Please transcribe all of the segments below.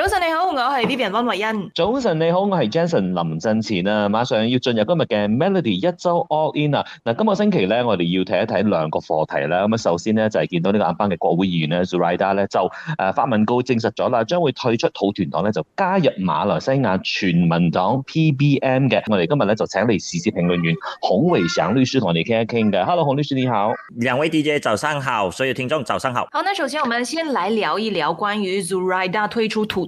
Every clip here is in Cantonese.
早晨你好，我係 Vivian 溫慧欣。早晨你好，我係 Jason 林振前啊，馬上要進入今日嘅 Melody 一周 All In 啊。嗱，今個星期咧，我哋要睇一睇兩個課題啦。咁啊，首先咧就係見到呢個安邦嘅國會議員咧，Zuraida 咧就誒發文告證實咗啦，將會退出土團黨咧，就加入馬來西亞全民黨 PBM 嘅。我哋今日咧就請嚟時事評論員孔維想律師同我哋傾一傾嘅。Hello，孔律師你好。兩位 DJ 早上好，所有聽眾早上好。好，那首先我們先來聊一聊關於 Zuraida 退出土。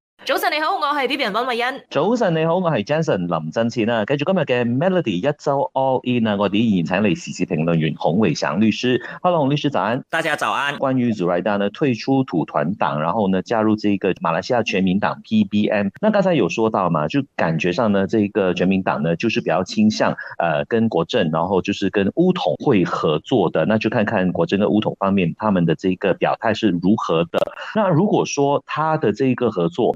早晨你好，我係 B B 人溫慧欣。早晨你好，我係 Jenson 林振奇，呢繼續今日嘅 Melody 一周 All In 呢、呃、我哋現請嚟時事評論員洪偉祥律師。Hello，洪律師早安。大家早安。關於 Zuraida 呢，退出土團黨，然後呢，加入呢個馬來西亞全民黨 PBM。那剛才有說到嘛，就感覺上呢，呢、這個全民黨呢就是比較傾向呃跟國陣，然後就是跟巫統會合作的。那就看看國陣跟巫統方面他們的呢個表態是如何的。那如果說他的一個合作，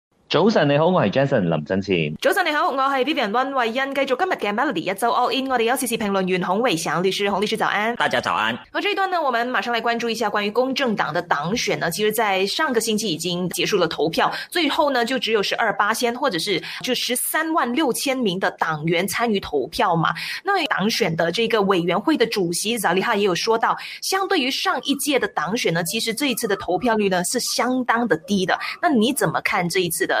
早晨，你好，我係 Jason 林振前。早晨，你好，我係 Vivian 溫慧欣。繼續今日嘅 Melody 一周 All In，我哋有時事評論員洪偉祥律師，洪律師早安。大家早安。這一段呢，我們馬上來關注一下關於公正黨的黨選呢，其實，在上個星期已經結束了投票，最後呢就只有十二巴仙，或者是就十三萬六千名的黨員參與投票嘛。那黨選的這個委員會的主席扎里哈也有說到，相對於上一屆的黨選呢，其實這一次的投票率呢是相當的低的。那你怎麼看這一次的？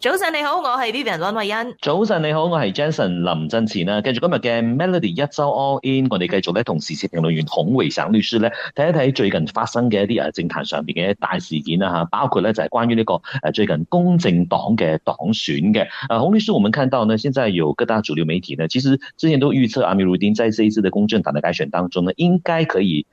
早晨你好，我係 Vivian 溫慧欣。早晨你好，我係 Jason 林振前啦。跟住今日的 Melody 一周 All In，我哋繼續咧同時事評論員孔維祥律師咧睇一睇最近發生的一啲政壇上面的大事件啦，包括咧就係關於呢個最近公正黨的黨選嘅。啊，孔律師，我們看到呢，現在有各大主流媒體呢，其實之前都預測阿米魯丁在這一次的公正黨的改選當中呢，應該可以。